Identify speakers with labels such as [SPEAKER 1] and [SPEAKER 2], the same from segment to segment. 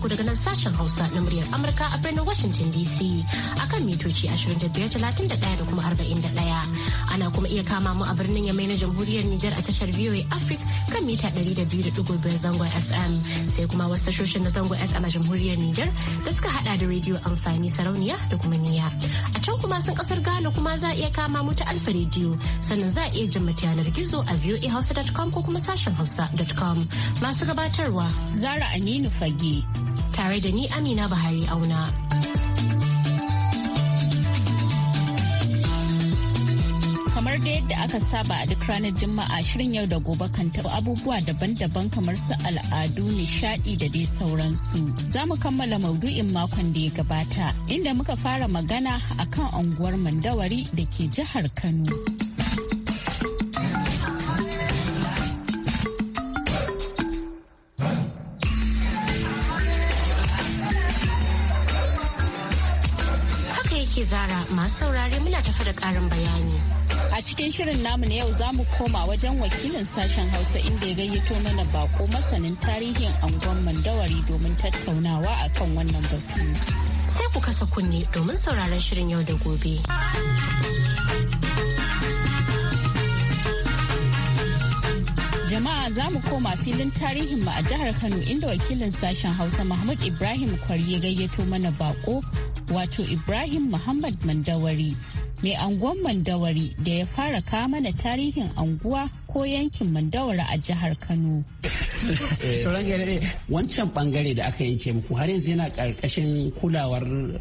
[SPEAKER 1] muku daga nan sashen Hausa na muryar Amurka a birnin Washington DC akan mitoci 2531 da kuma 41. Ana kuma iya kama mu a birnin Yamai na Jamhuriyar Nijar a tashar VOA Africa kan mita 200.5 zangon FM sai kuma wasu tashoshin na zangon FM a Jamhuriyar Nijar da suka hada da rediyo amfani sarauniya da kuma niya. A can kuma sun kasar Ghana kuma za a iya kama mu ta alfa rediyo sannan za a iya jin mata yanar gizo a voahausa.com ko kuma sashen hausa.com masu gabatarwa Zara Aminu Fage tare da ni Amina Bahari Auna. kamar da yadda aka saba a duk
[SPEAKER 2] ranar juma'a shirin yau da gobe kan taɓa abubuwa daban-daban kamar su al'adu nishaɗi da dai sauransu za mu kammala maudu'in makon da ya gabata inda muka fara magana a kan unguwar mandawari da ke jihar kano
[SPEAKER 1] masu saurare muna tafi da karin bayani. A cikin shirin namu na yau za
[SPEAKER 2] mu koma wajen wakilin sashen Hausa inda ya gayyato mana bako masanin tarihin angon mandawari domin tattaunawa akan wannan batu. Sai ku kasa kunne domin sauraron shirin yau da gobe. jama'a za mu koma filin tarihin mu a jihar kano inda wakilin sashen hausa mahmud ibrahim ya gayyato mana bako wato Ibrahim Muhammad Mandawari, mai anguwan Mandawari da ya fara kama da tarihin anguwa ko yankin Mandawari a jihar Kano.
[SPEAKER 3] Eh, wancan bangare da aka yanke muku har yanzu yana karkashin kulawar eh,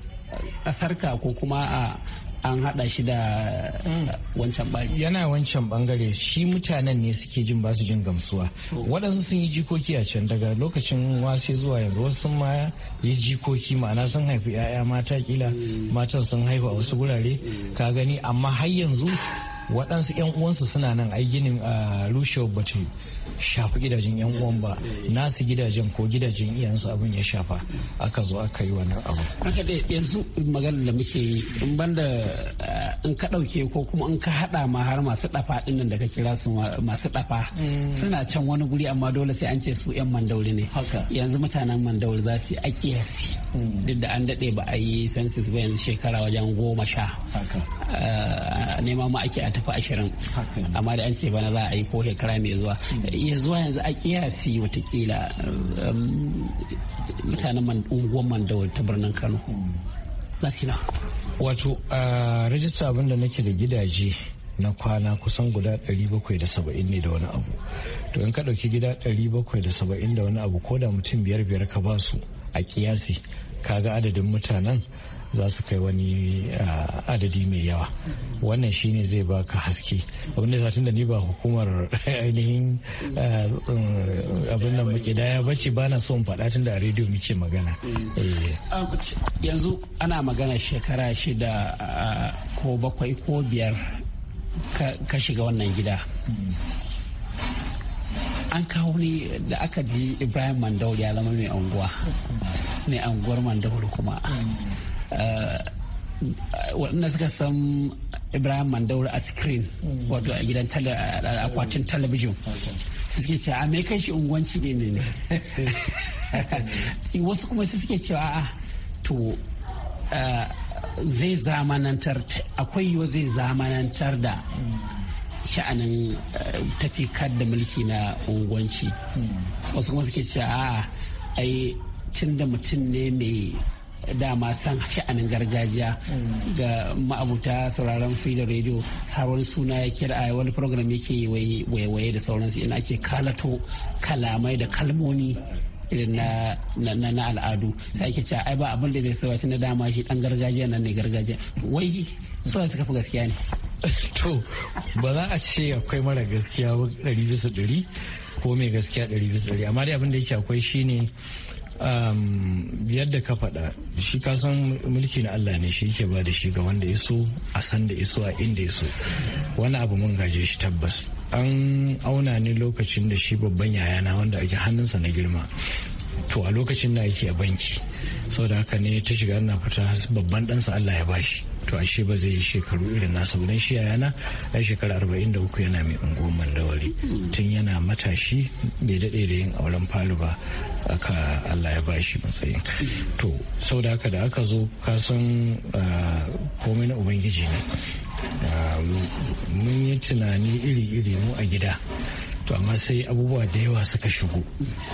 [SPEAKER 3] kasarka
[SPEAKER 4] ko kuma a an hada shi da mm. wancan bangare yana wancan bangare shi mutanen ne suke jin basu jin gamsuwa waɗansu sun yi jikoki a can daga lokacin wasi zuwa yanzu wasu sun ma yi jikoki ma'ana sun haifi 'ya'ya mata kila mm. matan sun haihu a wasu gurare mm. ka gani amma har yanzu waɗansu 'yan uwansu suna nan ayi ginin a rushe ba ta shafi gidajen 'yan uwan ba nasu gidajen ko gidajen iyansu abin ya shafa aka zo aka yi wannan abu
[SPEAKER 3] haka dai yanzu magana da muke yi in banda in ka ɗauke ko kuma in ka haɗa ma har masu ɗafa ɗin nan da ka kira su masu ɗafa
[SPEAKER 5] mm. suna
[SPEAKER 3] can wani guri amma dole sai an ce su 'yan mandauri ne yanzu mutanen mandauri za su yi a mm. duk da an daɗe ba a yi census ba yanzu shekara wajen goma sha nema ma ake a tafi ashirin amma da an ce bana za a yi ko shekara mai zuwa iya zuwa yanzu a kiyasi watakila um, mutanen unguwar mandawar ta birnin kano hmm.
[SPEAKER 4] nasina wato a rajista abinda nake da gidaje na kwana kusan guda 770 ne da wani abu to in ka ɗauki gida 770 da wani abu ko da mutum biyar biyar ka ba su a kiyasi kaga adadin mutanen za su kai wani adadi mai yawa wannan shine zai baka haske abin da satin da ni ba hukumar ainihin abin da muke ba ce bana son faɗa tun da rediyo muke magana eh.
[SPEAKER 3] ah, yanzu ana magana shekara shida ko bakwai ko biyar ka shiga wannan gida an kawo ne da aka ji ibrahim mandauri ya zama mai anguwa mai anguwar mandauri kuma Eh, waɗanda suka san ibrahim mandaur a screen wato a gidan akwatin talabijin suke cewa a ah, mai kai shi unguwanci ne ne ne ah, eh, eh, wasu kuma suke cewa a ah, to zai zamanantar akwai yiwu zai zamanantar da sha'anin tafikar da mulki na unguwanci wasu kuma suke cewa a ai cin da mutum ne mai dama san sha'anin gargajiya ga ma'abuta sauraron da radio har wani suna ya kira wani program yake waiwaye da sauransu ina ake kalato kalamai da kalmoni. irin na na al'adu sai ke ai ba abin da bai sauya na dama shi dan gargajiya nan ne gargajiya
[SPEAKER 4] wai suna suka fi gaskiya ne to ba za a ce akwai mara gaskiya ɗari bisa ɗari ko mai gaskiya ɗari bisa ɗari amma dai abin da yake akwai shine Um, yadda ka faɗa shi ka san mulki na Allah ne shi yake ba da shi ga wanda ya so a san da ya so a inda ya so wani abu mun gaje shi tabbas an auna ni lokacin da shi babban yayana wanda ake hannunsa na girma to a lokacin na ake a banki saboda haka ne ta shiga na fita babban ɗansa Allah ya bashi to ashe ba zai yi shekaru irin nasa ba don shi yana. ya shekara arba'in da uku yana mai unguwar mandawari tun yana matashi bai daɗe da yin auren fari ba aka Allah ya bashi matsayin to sau da haka da aka zo ka san ah, komai na ubangiji ne ah, mun yi tunani iri-iri mu a gida to amma sai abubuwa da yawa suka shigo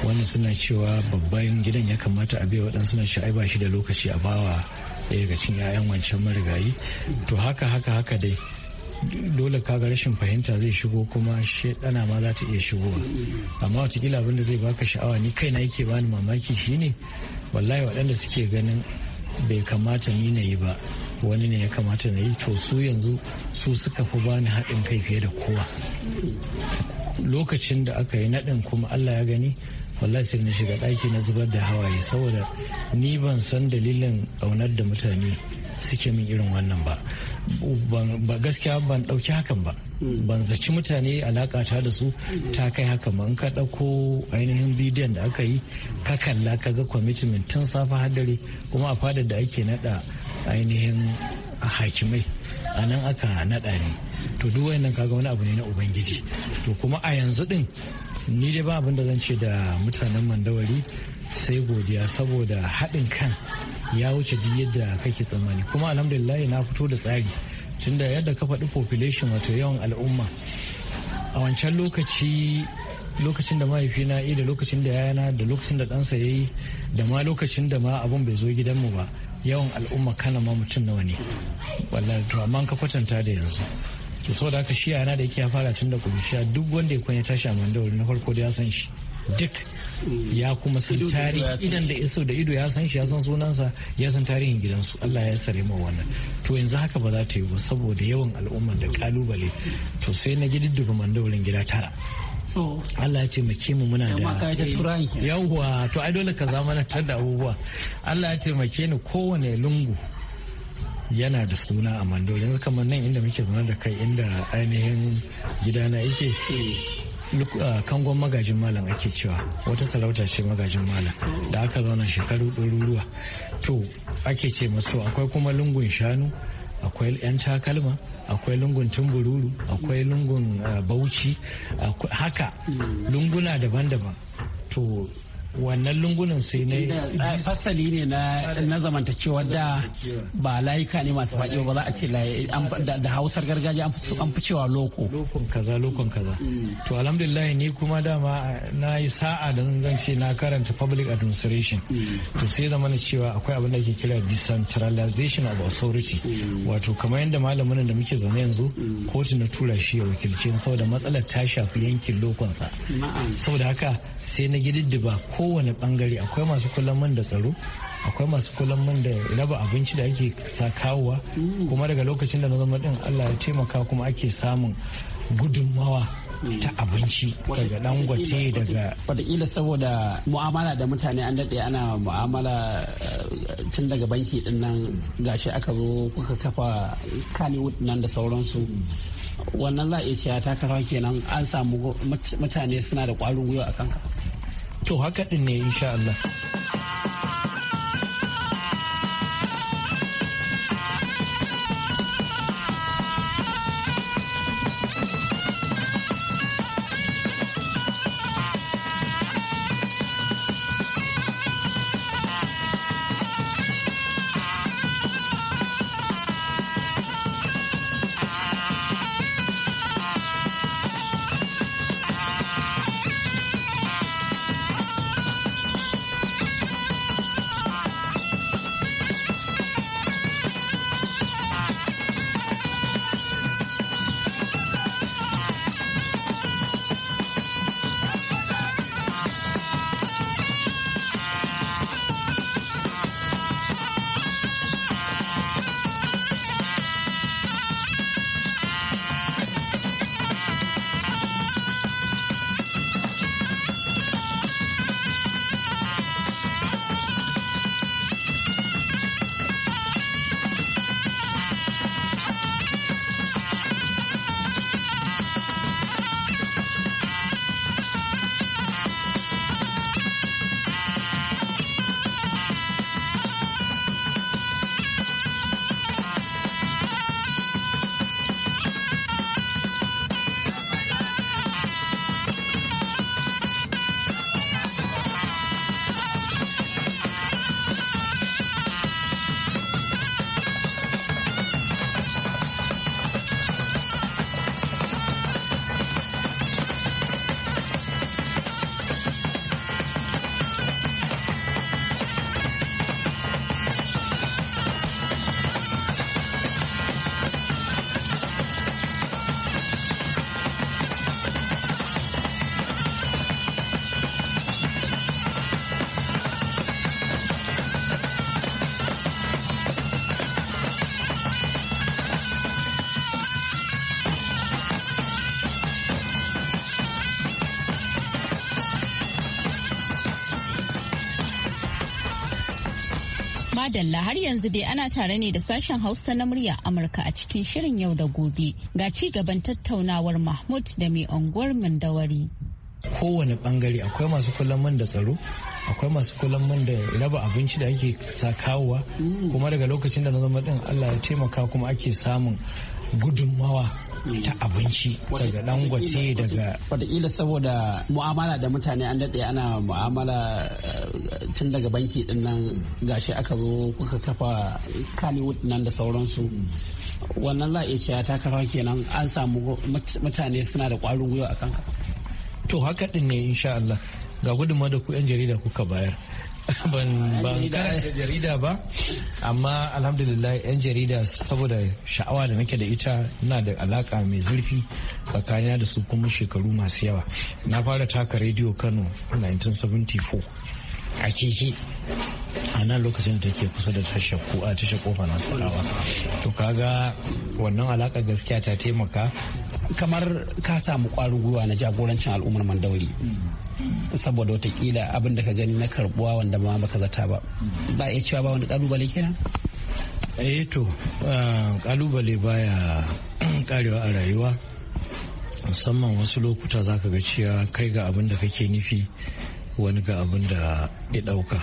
[SPEAKER 4] Wani suna cewa babban gidan ya kamata a biya waɗansu na shi ai ba shi da lokaci a bawa ɗaya daga cikin 'ya'yan wancan marigayi to haka haka haka dai dole kaga rashin fahimta zai shigo kuma shaidana ma za ta iya shigowa amma watakila abinda zai baka sha'awa ni kaina yake bani mamaki shine wallahi waɗanda suke ganin bai kamata ni na yi ba wani ne ya kamata na yi to su yanzu su suka fi bani haɗin kai fiye da kowa lokacin da aka yi naɗin kuma allah ya gani wallahi sai na shiga ɗaki na zubar da hawaye saboda ni ban san dalilin aunar da mutane suke min irin wannan ba ba gaskiya ban ɗauki hakan ba hmm. ban zaci mutane ta da su ta kai haka ba in ka ɗauko ainihin bidiyon da aka yi ka kalla ka ga commitment tun safa hadari kuma a fadar da ake naɗa ainihin hakimai a nan aka naɗa ne to duk wayannan kaga wani abu ne na ubangiji to kuma a yanzu din ni dai ba abin da zan ce da mutanen mandawari sai godiya saboda haɗin kan ya wuce duk yadda kake tsammani kuma alhamdulillah na fito da tsari tunda yadda ka faɗi population wato yawan al'umma a wancan lokaci lokacin da mahaifina da lokacin da yana da lokacin da ɗansa ya yi da ma lokacin da ma abun bai zo gidanmu ba yawan al'umma kana ma mutum nawa ne wallahi to amma ka kwatanta da yanzu to saboda haka shi yana da yake ya fara tun da kuruciya duk wanda ya kwanya tashi a mandawari na farko da ya san shi duk ya kuma san tarihi idan da iso da ido ya san shi ya san sunansa ya san tarihin gidansu Allah ya sare mu wannan to yanzu haka ba za ta yi ba saboda yawan al'ummar da kalubale to sai na duk mandawarin gida tara Allah ya taimake mu muna da yawwa to ai dole ka zama na tada abubuwa Allah ya taimake ni kowane lungu yana da suna a mandol yanzu kamar nan inda muke zaune da kai inda ainihin gidana yake kangon magajin malam ake cewa wata sarauta ce magajin malam da aka zauna shekaru ɗaruruwa to ake ce masu akwai kuma lungun shanu akwai 'yan takalma akwai lungun tumbururu akwai lungun bauchi haka lunguna daban-daban to wannan
[SPEAKER 3] lungunan sai na fasali ne na zamantakewa da ba layuka ne masu
[SPEAKER 4] faɗi ba za a ce da hausar gargajiya an fi cewa loko lokon kaza lokon kaza to alhamdulillah ni kuma dama na yi sa'a da zan ce na karanta public administration mm. to sai zama na cewa akwai abin da ke kira decentralization of authority mm. wato kamar yadda malamin da muke zaune yanzu mm. kotu na tura shi ya wakilci saboda matsalar ta shafi yankin lokonsa saboda haka sai na gididdiba ko kowane bangare akwai masu kullum man da tsaro akwai masu kullum man da raba abinci da ake sakawa mm. kuma daga lokacin da na zama din allah ya taimaka kuma ake samun gudunmawa mm. ta abinci daga dangote daga
[SPEAKER 3] wataƙila saboda mu'amala da mutane an daɗe ana mu'amala eh, tun daga banki din nan gashi aka zo kuka kafa kaniwood nan da sauransu mm. wannan za a iya cewa takarawa kenan an samu mutane suna da kwarin gwiwa a kanka to haka din ne insha Allah
[SPEAKER 2] Madalla har yanzu dai ana tare ne da sashen Hausa na murya Amurka a cikin shirin yau da gobe ga ci gaban tattaunawar Mahmud da mai unguwar Mandawari.
[SPEAKER 4] Kowane bangare akwai masu kullum man da tsaro, akwai masu kullum man da raba abinci da ake sa kuma daga lokacin da na zama din Allah ya taimaka kuma ake samun gudunmawa ta abinci daga dangote daga
[SPEAKER 3] wataƙila saboda mu'amala da mutane an daɗe ana mu'amala eh, tun daga banki din nan gashi aka zo kuka kafa kaliwood nan da sauransu wannan za a iya cewa kenan an samu mutane suna da ƙwarin gwiwa
[SPEAKER 4] a kanka to haka din ne insha Allah ga gudunmawa da ku 'yan jarida kuka bayar ban ban jarida ba amma alhamdulillah yan jarida saboda sha'awa da nake da ita na da alaka mai zurfi tsakanina da su kuma shekaru masu yawa na fara taka rediyo kano 1974 a keke a nan lokacin da take kusa da tashar ko a tashar kofa na sarawa to kaga wannan alaka gaskiya ta taimaka kamar ka samu ƙwarin
[SPEAKER 3] gwiwa na jagorancin al'ummar mandauri saboda watakila abin da ka gani na karbuwa wanda ma baka zata ba ba iya cewa ba wani kalubale kenan eh to
[SPEAKER 4] kalubale baya karewa a rayuwa musamman wasu lokuta za ka ga cewa kai ga abin da kake nufi wani ga abin da ya ɗauka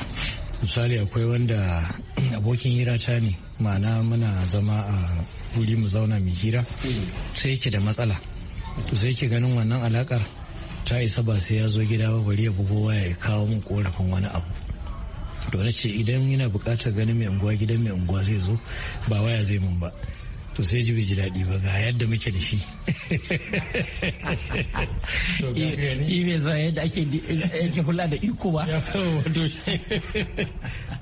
[SPEAKER 4] misali akwai wanda abokin hira ta ne ma'ana muna zama a wuri mu zauna mai hira sai yake da matsala sai yake ganin wannan alaka ta isa ba sai ya zo gida ba bari ya bugo waya ya kawo min korafin wani abu to na ce idan yana bukatar ganin mai unguwa gidan mai unguwa zai zo ba waya zai mun ba to sai ji bai ji daɗi ba ga yadda muke da shi
[SPEAKER 3] ime za yadda ake hula da iko ba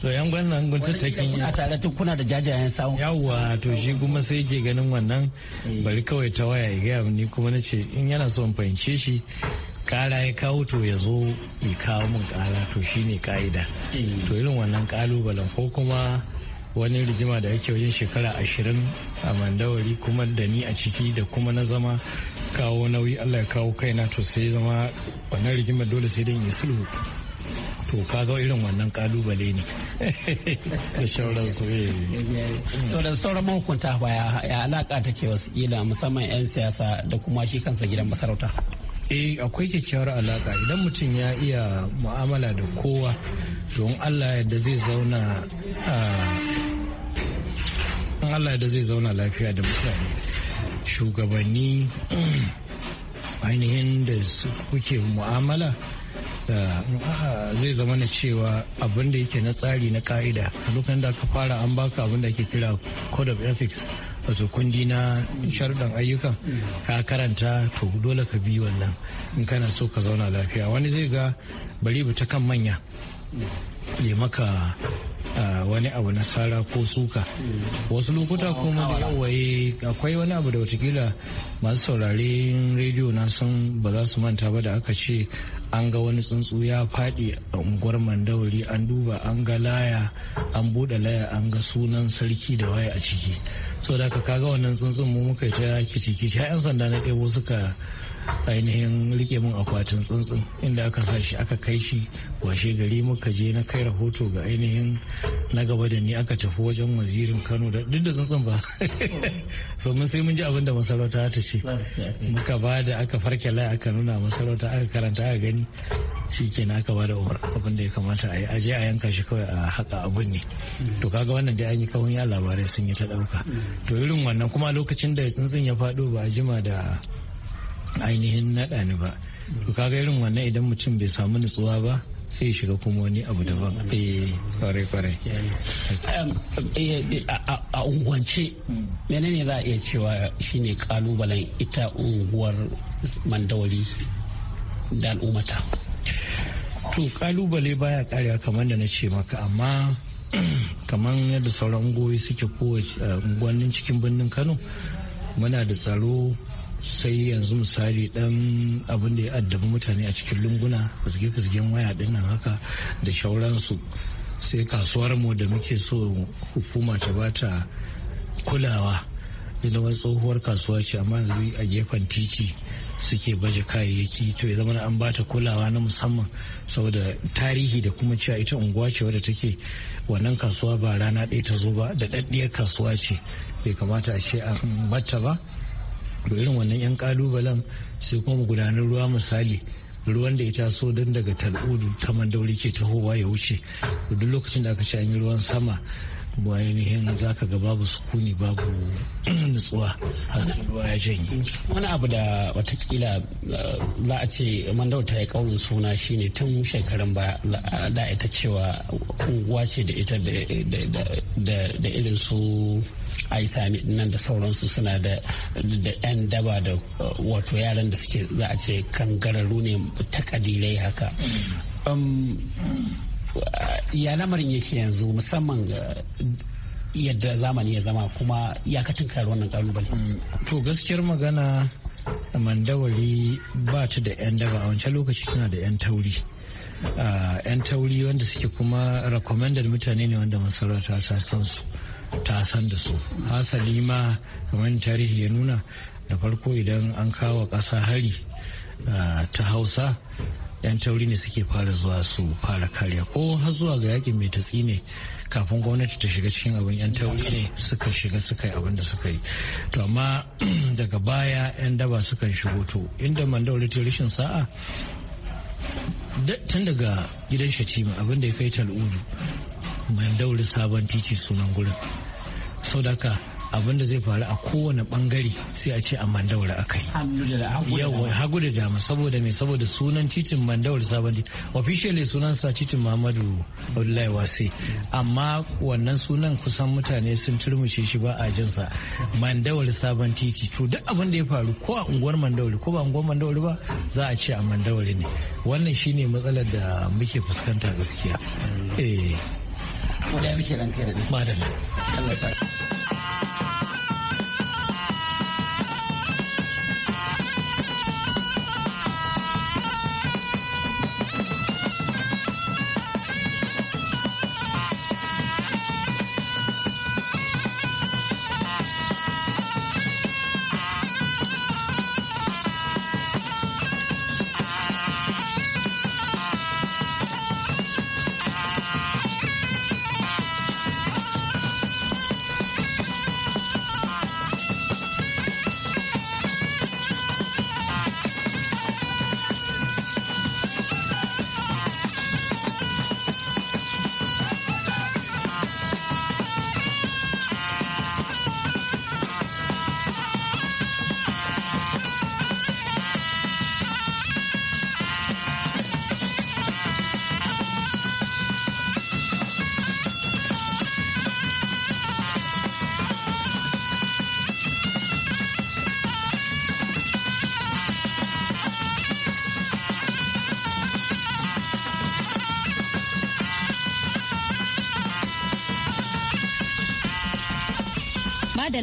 [SPEAKER 4] to yan gwannan gun tattakin a tare tun kuna da jajayen samu yawwa to shi kuma sai yake ganin wannan eh. bari kawai ta waya ya gaya ni kuma na ce in yana so in fahimce shi kara ya kawo to ya zo ya kawo min kara to shine ka'ida eh. to irin wannan kalubalen ko kuma wani rigima da yake wajen shekara ashirin a mandawari kuma da ni a ciki da kuma na zama kawo nauyi allah ya kawo kaina to sai zama wannan rigimar dole sai dan yi sulhu to ga irin wannan kalubale ne da shauran su eh. to da sauran mahukunta
[SPEAKER 3] ya alaka take wasu kila musamman 'yan siyasa da kuma shi kansa gidan masarauta
[SPEAKER 4] eh akwai kyakkyawar alaka idan mutum ya iya mu'amala da kowa don allah yadda zai zauna ah, allah yadda zai zauna lafiya da mutane shugabanni ainihin da kuke mu'amala zai zama na cewa abin da yake na tsari na ka'ida a lokacin da aka fara an baka abin da ake kira code of ethics wato kundi na sharuɗan ayyukan ka karanta to dole ka bi wannan in kana so ka zauna lafiya wani zai ga bari ta kan manya ya maka wani abu na sara ko suka wasu lokuta kuma da yawaye akwai wani abu da watakila masu sauraren rediyo na sun ba za su manta ba da aka ce an ga wani tsuntsu ya faɗi a unguwar mandawari an duba an ga laya an buɗe laya an ga sunan sarki da waya a ciki so da ka kaga wannan tsuntsun mu muka ta kici-kici yan sanda na ɗebo suka ainihin rike mun akwatin tsuntsun inda aka sa shi aka kai shi washe gari muka je na kai rahoto ga ainihin na gaba da ni aka tafi wajen wazirin kano da duk da tsuntsun ba so mun sai mun ji abin da masarauta ta ce muka ba da aka farke lai aka nuna masarauta aka karanta aka gani shi ke na aka bada umar abin da ya kamata a yi aje a yanka shi kawai a haka abin ne to kaga wannan dai an yi kawun ya labarai sun yi ta dauka to irin wannan kuma lokacin da tsuntsun ya fado ba a jima da ainihin naɗa ni ba to kaga irin wannan idan mutum bai samu nutsuwa ba sai shiga kuma wani abu daban kware eh, kware eh, a unguwance
[SPEAKER 3] menene za a iya cewa shine kalubalen ita unguwar mandawari da al'ummata
[SPEAKER 4] to kalubale baya karewa kamar da na ce maka amma kamar yadda sauran ungoyi suke kowace eh, unguwannin cikin birnin kano muna da tsaro sai yanzu misali dan abin da ya addabi mutane a cikin lunguna fizge-fizgen waya nan haka da shauransu sai kasuwar mu da muke so hukuma ta bata kulawa ina wani tsohuwar kasuwa ce amma yanzu a gefen titi suke baje kayayyaki to ya zama an bata kulawa na musamman saboda tarihi da kuma cewa ita unguwa ce wadda take wannan kasuwa ba rana ɗaya ta zo ba da ɗaɗɗiyar kasuwa ce bai kamata a ce a bata ba to irin wannan 'yan kalubalen sai kuma gudanar ruwa misali ruwan da ita so dan daga tal'udu ta mandauri ke tahowa ya wuce duk lokacin da aka ce an yi ruwan sama ba ainihin za ka ga babu sukuni babu nutsuwa hasken ruwa ya janye wani abu da watakila eh,
[SPEAKER 3] za a ce mandauta ta yi kaurin suna shine tun shekarun ba da ita cewa unguwa ce da ita da irin su yi sami nan da sauransu suna da yan daba da eh, wato yaran da suke za a ce kangararru ne ta kadirai haka um, ya lamarin yake yanzu musamman eh, yadda zamani ya zama kuma
[SPEAKER 4] iyakacin kare wannan kalubale. Mm, to gaskiyar magana mandawari ba ta da 'yan daba a wancan lokaci tana da 'yan tauri. 'yan ah, tauri wanda suke kuma recommended mutane ne wanda masarauta ta san su ta san da su hasali ma kamar tarihi ya nuna da farko idan an kawo ƙasa hari ah, ta hausa yan tauri ne suke fara zuwa su fara karya ko har zuwa ga yakin mai tatsi ne kafin gwamnati ta shiga cikin abin yan tauri ne suka shiga suka yi abin da suka yi to amma daga baya yan daba sukan shigo to inda mandaure ta rashin sa'a tun daga gidan shatima abin da ya kai tal'udu mandaure sabon titi sunan gurin sau da abin da zai faru a kowane bangare sai a ce a mandaura a yi. yawa hagu da dama saboda mai saboda sunan titin mandaura sabon official officially sa titin muhammadu abdullahi wase amma wannan sunan kusan mutane sun turmushe shi ba a jinsa mandaura sabon titi to duk abin da ya faru ko a unguwar mandaura ko ba unguwar mandaura ba za a ce a mandaura ne wannan shine matsalar da muke fuskanta gaskiya eh
[SPEAKER 3] Wadda muke kai da Madalla. Allah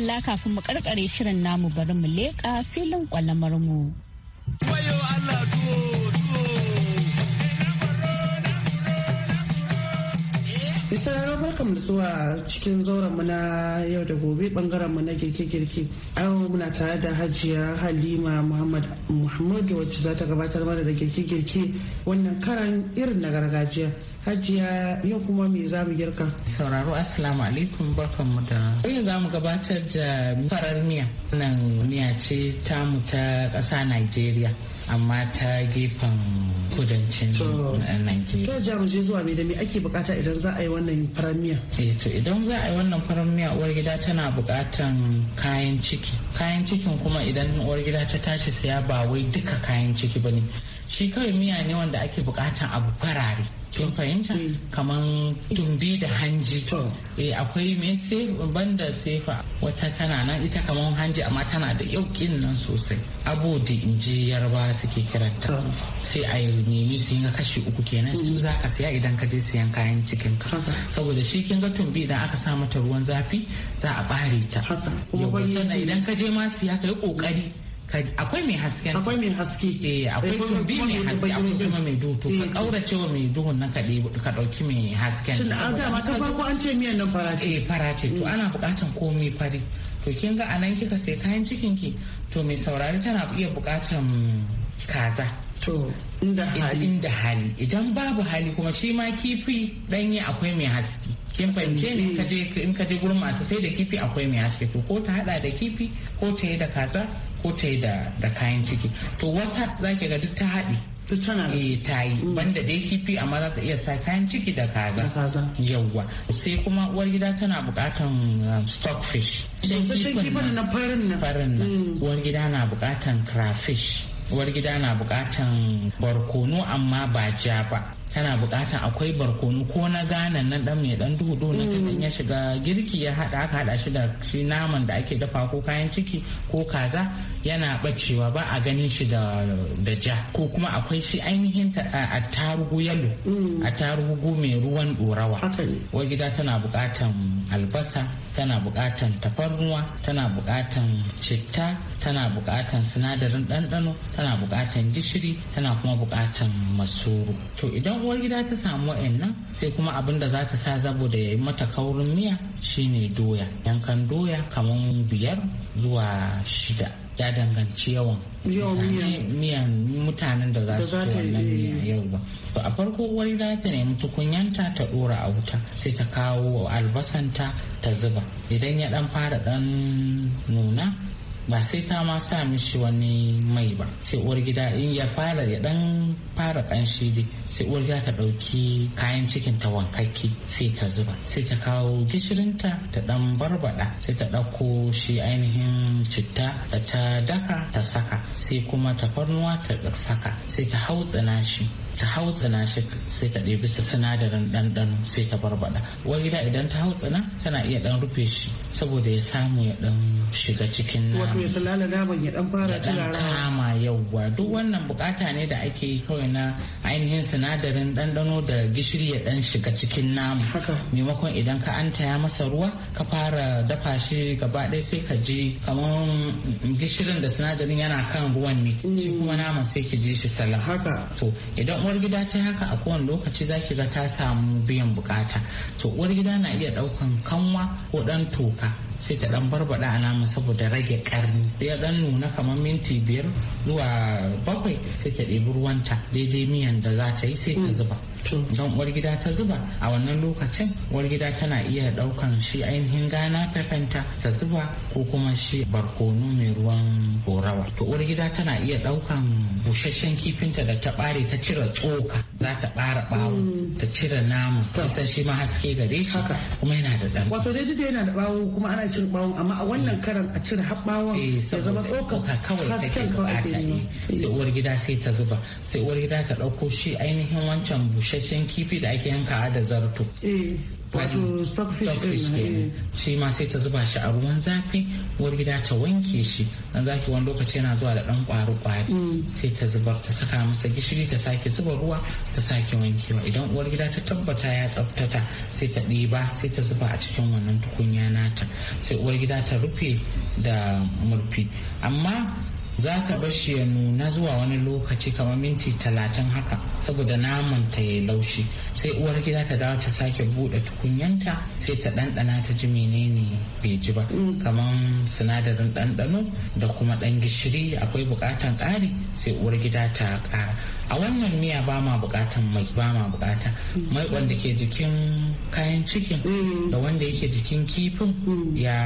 [SPEAKER 2] kalla kafin mu karkare shirin namu bari mu leƙa filin kwalamar mu.
[SPEAKER 3] Misalarar barkan da zuwa cikin zauren mu na yau da gobe bangaren mu na
[SPEAKER 5] girke-girke. Yau muna tare da hajiya Halima Muhammad Muhammadu wacce za ta gabatar mana da girke-girke wannan karan irin na gargajiya. hajiya yau kuma me za mu girka sauraro assalamu alaikum barkanmu da yau za mu gabatar da farar miya nan miya ce tamu ta ƙasa Najeriya amma ta gefen kudancin Najeriya. Ja mu je zuwa me da me ake bukata idan za a yi wannan farar miya? Eh idan za a yi wannan farar miya uwar gida tana bukatan kayan ciki. Kayan cikin kuma idan uwar gida ta tashi saya ba wai duka kayan ciki bane. Shi kawai miya ne wanda ake bukatan abu farare. kin fahimta mm. kaman tumbi da hanji eh akwai mai ban da sefa wata tana nan ita kaman hanji amma tana da yaukin nan sosai abu da inji yarba suke kiranta sai a yi nemi su yi kashi uku kenan su mm. za ka siya idan ka je siyan kayan cikin ka saboda shi kin ga tumbi idan aka sa mata ruwan zafi za a bare ta yau idan ka je ma siya ka yi kokari akwai mai hasken akwai mai haske eh akwai biyu eh, mai haske akwai kuma mai duhu ka eh, kaura cewa mai duhun nan ka ka dauki mai hasken shin an ga ta farko an ce miyan nan farace eh farace to ana bukatan komai fari to kin ga anan kika sai kayan cikin ki to mai saurari tana iya bukatan kaza to inda hali inda hali idan babu hali kuma shi ma kifi danye akwai mai haske kin fahimce ne eh. in ka je gurin masu sai da kifi akwai mai haske to ko ta hada da kifi ko ta yi da kaza ko ta yi da kayan ciki to wata za ki ga duk ta haɗi eh ta yi mm. banda dai kifi amma za ta iya sa kayan ciki da kaza yawwa sai kuma uwar gida tana bukatan um, stockfish na farin nan. Mm. uwar na bukatan crayfish uwar gida na bukatan barkono amma ba ja ba tana bukata akwai barkonu ko na gana nan dan mai dan dudu na mm. cikin ya shiga girki ya hada aka hada shi da shi naman da ake dafa ko kayan ciki ko kaza yana bacewa ba a ganin shi da da ja ko kuma akwai shi ainihin a attarugu yalo mm. tarugu mai ruwan dorawa wa gida tana bukatan albasa tana bukatan tafarnuwa tana bukatan citta tana bukatan sinadarin dandano tana bukatan gishiri tana kuma bukatan masoro to idan uwar gida ta samu wa'annan sai kuma abin da za ta sa da ya yi mata kaurin miya shine doya yankan doya kamar biyar zuwa shida ya danganci yawan miyan mutanen da za su ci wannan miyan yau ba to a farko wani za ta nemi tukunyanta ta dora a wuta sai ta kawo albasanta ta zuba idan ya dan fara dan nuna ba sai ta ma sa mishi wani mai ba sai uwar gida in ya fara ya dan fara kanshi dai sai uwar gida ta dauki kayan cikin ta wankakke sai ta zuba sai ta kawo gishirinta ta dan barbada sai ta dauko shi ainihin citta da ta daka ta saka sai kuma tafarnuwa ta saka sai ta hautsana shi ta hautsana shi sai ta ɗebi su sinadarin ɗanɗano sai ta barbada uwar gida idan ta hautsana tana iya dan rufe shi saboda ya samu ya dan shiga cikin nama wato ya sulala ban ya dan fara turara kama ba duk wannan bukata ne da ake yi kawai na ainihin sinadarin dandano da gishiri ya dan shiga cikin nama maimakon idan ka anta ya masa ruwa ka fara dafa shi gaba ɗaya sai ka je kamar gishirin da sinadarin yana kan ruwan ne mm. shi kuma nama sai ki je shi salam haka to idan uwar gida ta haka a kowane lokaci za ki ga ta samu biyan bukata to uwar gida na iya ɗaukan kanwa ko ɗan toka sai ta dan barbada a nama saboda rage karni ya dan nuna kamar minti biyar zuwa bakwai sai ta ɗebi ruwanta daidai miyan da za ta yi sai ta zuba don uwar gida ta zuba a wannan lokacin uwar gida tana iya daukan shi ainihin gana fefenta ta zuba ko kuma shi barkono mai ruwan gorawa to uwar gida tana iya daukan busasshen kifinta da ta bare ta cire tsoka za ta bara bawo ta cire namu kusan shi ma haske gare shi kuma yana da dan wato dai duk yana da bawo kuma ana cire bawo amma a wannan eh. karan a cire har bawon eh, ya zama tsoka kawai take bukata eh. sai uwar gida sai ta zuba sai uwar gida ta dauko shi ainihin wancan bushe busasshen kifi da ake yankawa da zarto eh, wato stockfish ke eh. shi ma sai ta zuba shi a ruwan zafi uwar gida ta wanke shi dan zaki wani lokaci yana zuwa da dan kwaru kwari mm. sai ta zuba ta saka masa gishiri ta sake zuba ruwa ta sake wankewa idan uwar gida ta tabbata ya tsaftata sai ta ɗiba sai ta zuba a cikin wannan tukunya nata sai uwar gida ta rufe da murfi amma za ta bar shi ya nuna zuwa wani lokaci kamar minti talatin haka saboda naman ta ya laushi sai uwar gida ta dawo ta sake bude tukunyanta sai ta dandana ta ji menene bai ji ba mm. Kaman sinadarin dandano da kuma ɗan gishiri akwai bukatan ƙari sai uwar gida ta kara a wannan miya ba ma bukatan mai ba ma bukatan mm. mai wanda ke jikin kayan cikin mm. da wanda yake jikin kifin ya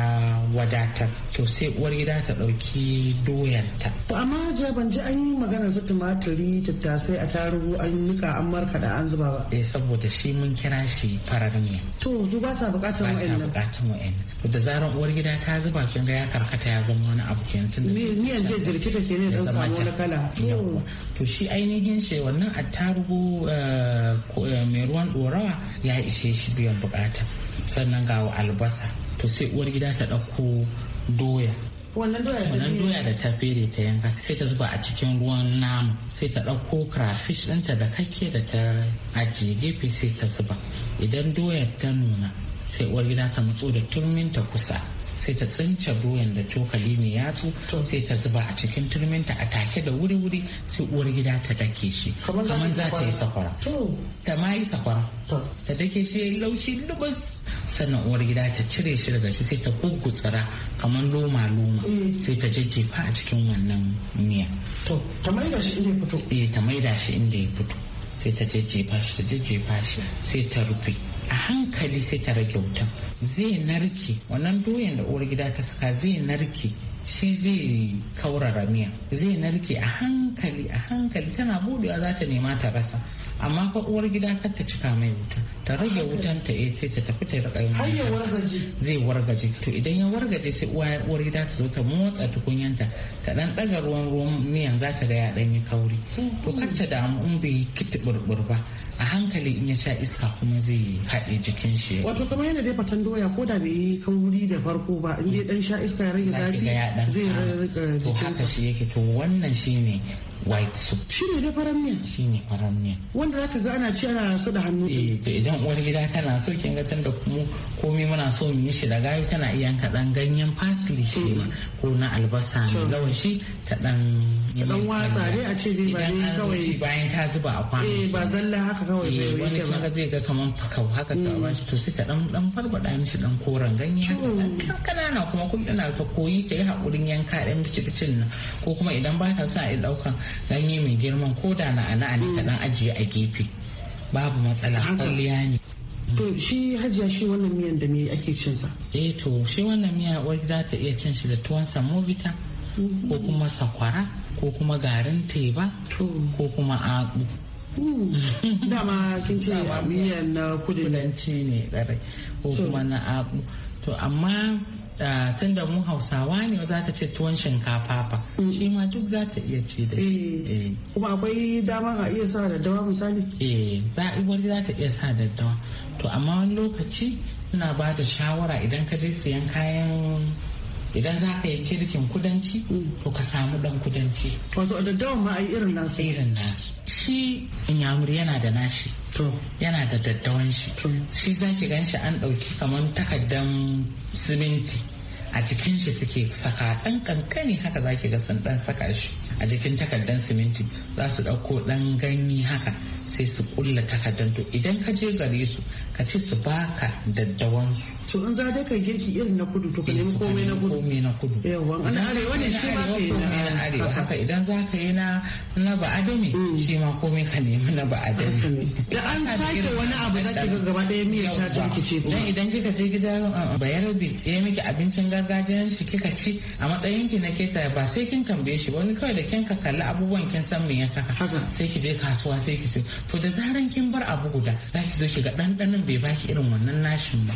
[SPEAKER 5] wadata to sai uwar gida ta ɗauki doyanta. amma ban ji an yi magana su tumaturi tattasai a tarugu an nika an da an zuba ba eh saboda shi mun kira shi farar ne. to su ba sa bukatar nan. ba sa bukatar nan. da zaran uwar gida ta zuba kin ga ya karkata ya zama wani abu kenan tun da an je ke ne dan samu wani kala to shi ainihin shi wannan attarugu eh, eh, mai ruwan dorawa ya ishe shi biyan bukata sannan ga albasa to sai uwar gida ta ɗauko doya
[SPEAKER 2] wannan doya
[SPEAKER 5] da ta fere ta yanka sai ta zuba a cikin ruwan namu sai ta ɗauko crayfish ɗinta da kake da ta ajiye gefe sai ta zuba idan doya ta nuna sai uwar gida ta matso da turmin ta kusa sai ta tsince doyan da cokali mai yatsu sai ta zuba a cikin turminta a take da wuri-wuri sai uwar gida ta dake shi kamar za ta yi sakwara ta ma yi sakwara ta dake shi ya yi laushi lubus sannan uwar gida ta cire shi daga shi sai ta gugutsara kamar loma-loma mm. sai ta jajjefa a cikin wannan miya to ta maida shi inda ya fito eh, ta maida shi inda ya fito sai ta jajjefa shi ta jajjefa shi sai ta rufe a hankali sai ta rage wutan zai narke wannan doyan da uwar gida ta saka zai narke shi zai kaurara miya zai narke a hankali a hankali tana budewa za ta nema ta rasa amma fa uwar gida kar ta cika mai wuta ta rage wutan ta eh sai ta tafi ta rika yin
[SPEAKER 1] wargaje
[SPEAKER 5] zai wargaje to idan ya wargaje sai uwar gida ta zo ta motsa tukunyanta ta dan daga ruwan ruwan miyan za ta ga ya dan yi kauri to kar ta damu in bai kitiburbur ba a hankali in ya sha iska kuma zai haɗe jikin shi wato kamar yana dai fatan doya ko da bai yi kauri da farko ba in dai dan sha iska ya rage zafi zai rage to haka shi yake to wannan shine white soup ne da faran miya ne faran miya wanda zaka ga ana ci ana su da hannu eh to idan uwar gida tana so kin ga tunda kuma komai muna so mu yi shi da gayu tana iya yanka dan ganyen parsley shi ma ko na albasa ne shi ta dan dan watsa dai a ce bai ba ne kawai bayan ta zuba a kwano eh ba zalla haka kawai zai eh, wani kaga zai ga kaman fakau haka ta mm. ba shi to sai ka dan dan farbada mishi dan koran ganye haka kanana kuma kun tana ta koyi ta yi hakurin yanka dan bici bicin nan ko kuma idan ba ta sa a daukan ganye mai girman ko da na ana ne ta dan ajiye a gefe babu matsala kwalliya ne to shi hajiya shi wannan miyan da me ake cin sa eh to shi wannan miya uwar za ta iya cin shi da tuwon samovita mm-hmm. ko kuma sakwara ko kuma garin teba ko kuma agu mm. dama kin ce miyan na kudanci ne ko kuma na agu to amma tun da mu hausawa ne za ta ce tuwon shinkafa fa mm. shi ma duk za ta iya ci da shi eh. Eh. kuma akwai dama a iya sa daddawa misali eh za wani za ta iya sa daddawa to amma wani lokaci ina ba da shawara idan ka je siyan kayan idan za ka yi kirkin kudanci mm. to ka samu dan kudanci wato a daddawa ma a irin nasu irin nasu shi inyamuri yana da nashi yana da daddawan shi shi za shi gan an ɗauki kamar takaddan siminti a jikin shi suke saka ɗan kankani haka za ki ga sun ɗan saka shi a jikin takaddan siminti za su ɗauko ɗan ganye haka sai su kulla takardar to idan ka je gare su ka ce su baka daddawan su to in za da kai girki irin na kudu to ka nemi komai na kudu komai na kudu yawa an arewa wani shi ma kai na arewa haka idan za ka yi na na ba adami mm. shi ma komai ka nemi na ba adami da an sake wani abu za ki ga gaba daya miyar ta turkice ce dan idan kika je gida uh, uh, bayarbe ya miki abincin gargajiyan shi kika ci a matsayin ki na keta ba sai kin tambaye shi wani kawai da kin ka kalli abubuwan kin san me ya saka sai ki je kasuwa sai ki ce to da zaran kin bar abu guda za ki zo ki ga ɗanɗanon bai baki irin wannan nashin ba.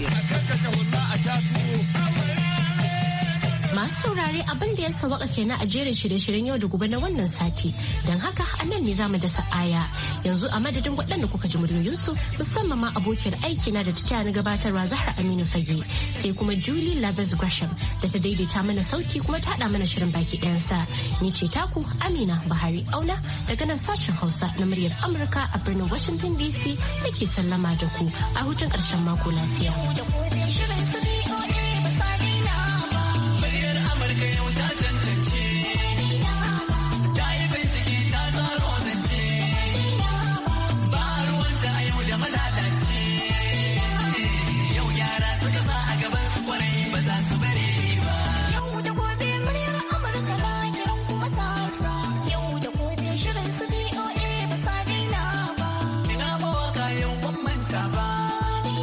[SPEAKER 1] Masu saurare abin da ya sawaka kenan a jerin shirye-shiryen yau da gobe na wannan sati. Don haka a nan ne za mu dasa aya. Yanzu a madadin waɗanda kuka ji muryoyinsu musamman ma abokiyar aiki na da ta na gabatarwa Zahra Aminu Fage. Sai kuma Julie Lathers Gresham da ta daidaita mana sauti kuma ta haɗa mana shirin baki ɗayansa. Ni ce taku Amina Buhari Auna daga nan sashen Hausa na muryar Amurka a birnin Washington DC nake sallama da ku a hutun ƙarshen mako lafiya.